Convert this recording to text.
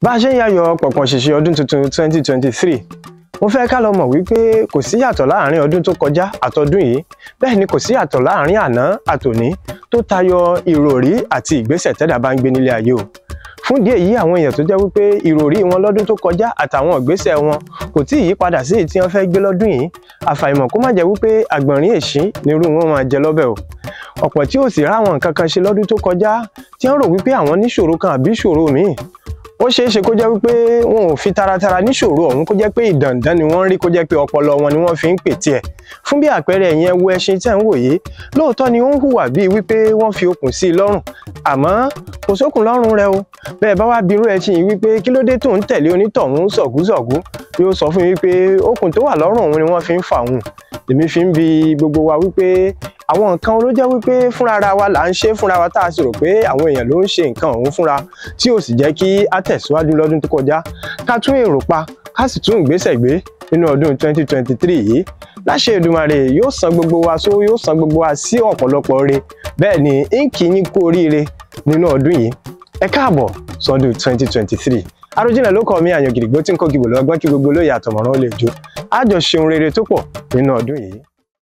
bá a ṣe ń yayọ̀ pọ̀pọ̀ ṣìṣe ọdún tuntun 2023 mo fẹ́ ká lọ mọ̀ wípé kò sí yàtọ̀ láàrin ọdún tó kọjá àtọdún yìí bẹ́ẹ̀ ni kò sí yàtọ̀ láàrin àná àtòní tó tayọ ìròrí àti ìgbésẹ̀ tẹ́dà bá ń gbé nílé ayé o fún díẹ̀ yìí àwọn èèyàn tó jẹ́ wípé ìròrí wọn lọ́dún tó kọjá àtàwọn ìgbésẹ̀ wọn kò tí ì yípadà sí èyí tí wọ́n fẹ́ gbé lọ́dún yìí àfàìmọ̀ kó má jẹ́ wípé àgbọ̀nrín èṣí nírú wọn máa jẹ lọ́bẹ̀ o ọ̀pọ̀ tí ò sì ráwọn nǹkan kan ṣe lọ́dún tó kọjá tí wọ́n rò wípé àwọn níṣòro kan àbí ìṣòro míì ó ṣeé ṣe kó jẹ́ wípé wọn ò fi taratara níṣòro ọ̀hún kó jẹ́ pé ìdàndán ni wọ́n ń rí kó jẹ́ pé ọpọlọ wọn ni wọ́n fi ń pè tiẹ̀ fún bí àpẹẹrẹ ìyẹn wo ẹṣin tẹ̀ ń wò lóòótọ́ ni ó ń hùwà bíi wípé wọ́n fi okùn sí i lọ́rùn àmọ́ kò sókùn lọ́rùn rẹ o bẹ́ẹ̀ bá wá birú ẹṣin yìí wípé kí ló dé tó ń tẹ̀lé onítọ̀hún sọ̀gúsọ̀gú yóò sọ fún mi wípé okùn tó wà lọ́rùn òun ni wọ́n fi ń fà òun èmi fi ń bi gbogbo wa wípé àwọn nǹkan ló jẹ́ wípé fúnra ara wa là ń ṣe fúnra wa tá a sì rò pé àwọn èèyàn ló ń ṣe nǹkan ọ̀hún fúnra tí ò sì jẹ́ kí á tẹ̀síwájú lọ́dún tó kọjá ká tún èrò pa ká sì tún ìgbésẹ̀ gbé nínú ọdún 2023 yìí láṣẹ Èdùmàrè yóò san gbogbo wa só yóò san gbogbo wa sí ọ̀pọ̀lọpọ̀ ire bẹ́ẹ̀ ni ínkì yín kú oríire nínú ọdún yìí ẹ káàbọ̀ sọdún 2023 Àròjinlẹ̀ ló kọ́ mi àyàn gidigbó tí ń kọ́ gìbò lọ́gbọ́n kí gbogbo olóyè àtọ̀mọ̀ràn ó lè jó àjọṣeun rere tó pọ̀ nínú ọdún yìí